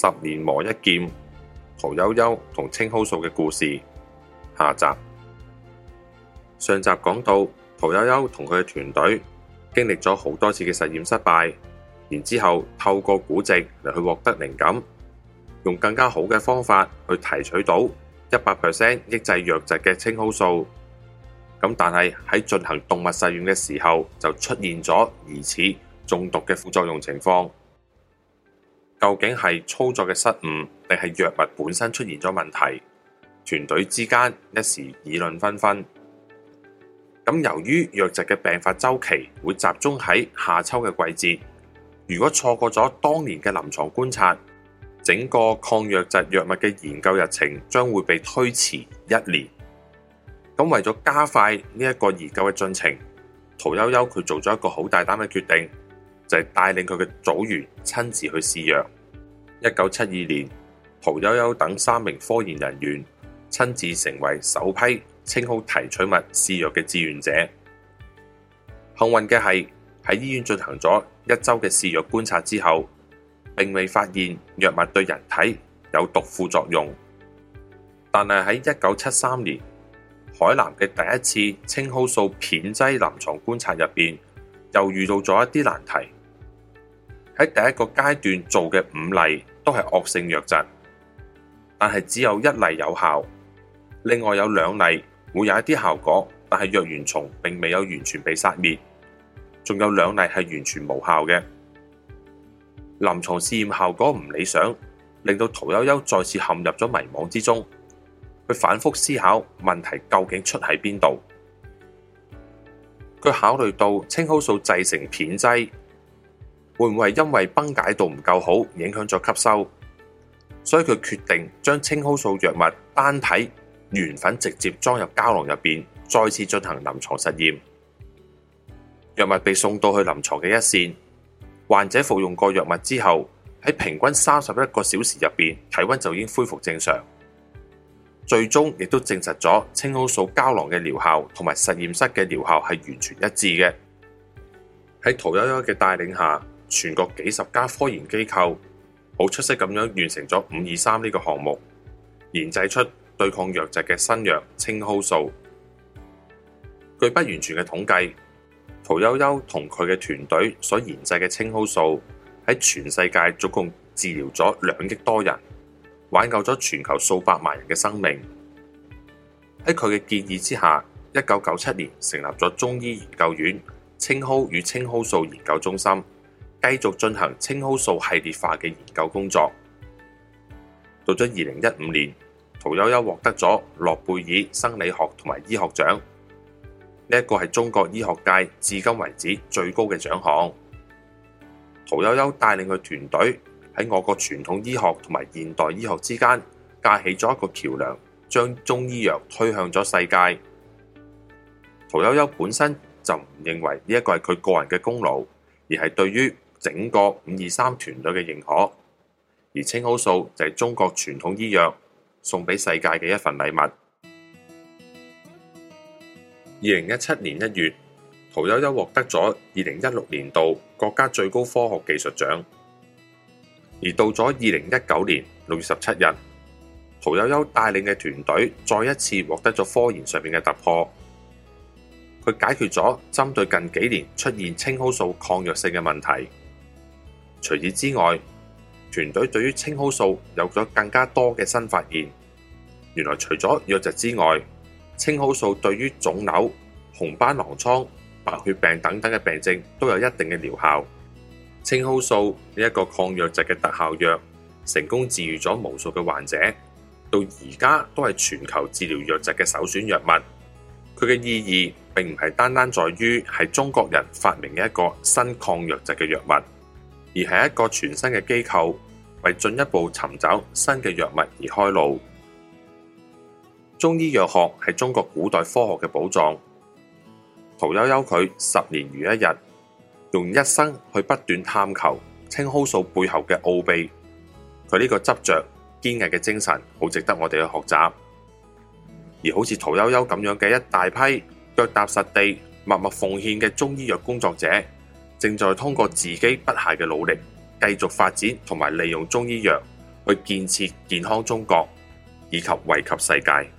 十年磨一劍，屠呦呦同青蒿素嘅故事下集。上集講到屠呦呦同佢嘅團隊經歷咗好多次嘅實驗失敗，然之後透過古籍嚟，去獲得靈感，用更加好嘅方法去提取到一百 percent 抑制瘧疾嘅青蒿素。咁但係喺進行動物實驗嘅時候，就出現咗疑似中毒嘅副作用情況。究竟係操作嘅失誤，定係藥物本身出現咗問題？團隊之間一時議論紛紛。咁由於瘧疾嘅病發周期會集中喺夏秋嘅季節，如果錯過咗當年嘅臨床觀察，整個抗瘧疾藥物嘅研究日程將會被推遲一年。咁為咗加快呢一個研究嘅進程，屠呦呦佢做咗一個好大膽嘅決定。就係帶領佢嘅組員親自去試藥。一九七二年，屠呦呦等三名科研人員親自成為首批青蒿提取物試藥嘅志願者。幸運嘅係喺醫院進行咗一周嘅試藥觀察之後，並未發現藥物對人體有毒副作用。但係喺一九七三年，海南嘅第一次青蒿素片劑臨床觀察入邊，又遇到咗一啲難題。喺第一個階段做嘅五例都係惡性瘧疾，但係只有一例有效，另外有兩例會有一啲效果，但係瘧原蟲並未有完全被殺滅，仲有兩例係完全無效嘅。臨床試驗效果唔理想，令到屠呦呦再次陷入咗迷茫之中。佢反復思考問題究竟出喺邊度。佢考慮到青蒿素製成片劑。會唔會係因為崩解度唔夠好，影響咗吸收？所以佢決定將青蒿素藥物單體原粉直接裝入膠囊入邊，再次進行臨床實驗。藥物被送到去臨床嘅一線，患者服用過藥物之後，喺平均三十一個小時入邊，體溫就已經恢復正常。最終亦都證實咗青蒿素膠囊嘅療效同埋實驗室嘅療效係完全一致嘅。喺屠呦呦嘅帶領下，全國幾十家科研機構好出色咁樣完成咗五二三呢個項目，研製出對抗瘧疾嘅新藥青蒿素。據不完全嘅統計，屠呦呦同佢嘅團隊所研製嘅青蒿素喺全世界總共治療咗兩億多人，挽救咗全球數百萬人嘅生命。喺佢嘅建議之下，一九九七年成立咗中醫研究院青蒿與青蒿素研究中心。繼續進行青蒿素系列化嘅研究工作，到咗二零一五年，屠呦呦獲得咗諾貝爾生理學同埋醫學獎，呢一個係中國醫學界至今為止最高嘅獎項。屠呦呦帶領嘅團隊喺我國傳統醫學同埋現代醫學之間架起咗一個橋樑，將中醫藥推向咗世界。屠呦呦本身就唔認為呢一個係佢個人嘅功勞，而係對於。整個五二三團隊嘅認可，而青蒿素就係中國傳統醫藥送俾世界嘅一份禮物。二零一七年一月，屠呦呦獲得咗二零一六年度國家最高科學技術獎。而到咗二零一九年六月十七日，屠呦呦帶領嘅團隊再一次獲得咗科研上面嘅突破。佢解決咗針對近幾年出現青蒿素抗藥性嘅問題。除此之外，團隊對於青蒿素有咗更加多嘅新發現。原來除咗瘧疾之外，青蒿素對於腫瘤、紅斑狼瘡、白血病等等嘅病症都有一定嘅療效。青蒿素呢一個抗瘧疾嘅特效藥，成功治愈咗無數嘅患者，到而家都係全球治療瘧疾嘅首選藥物。佢嘅意義並唔係單單在於係中國人發明嘅一個新抗瘧疾嘅藥物。而係一個全新嘅機構，為進一步尋找新嘅藥物而開路。中醫藥學係中國古代科學嘅寶藏。屠呦呦佢十年如一日，用一生去不斷探求青蒿素背後嘅奧秘。佢呢個執着、堅毅嘅精神，好值得我哋去學習。而好似屠呦呦咁樣嘅一大批腳踏實地、默默奉獻嘅中醫藥工作者。正在通過自己不懈嘅努力，繼續發展同埋利用中醫藥去建設健康中國，以及惠及世界。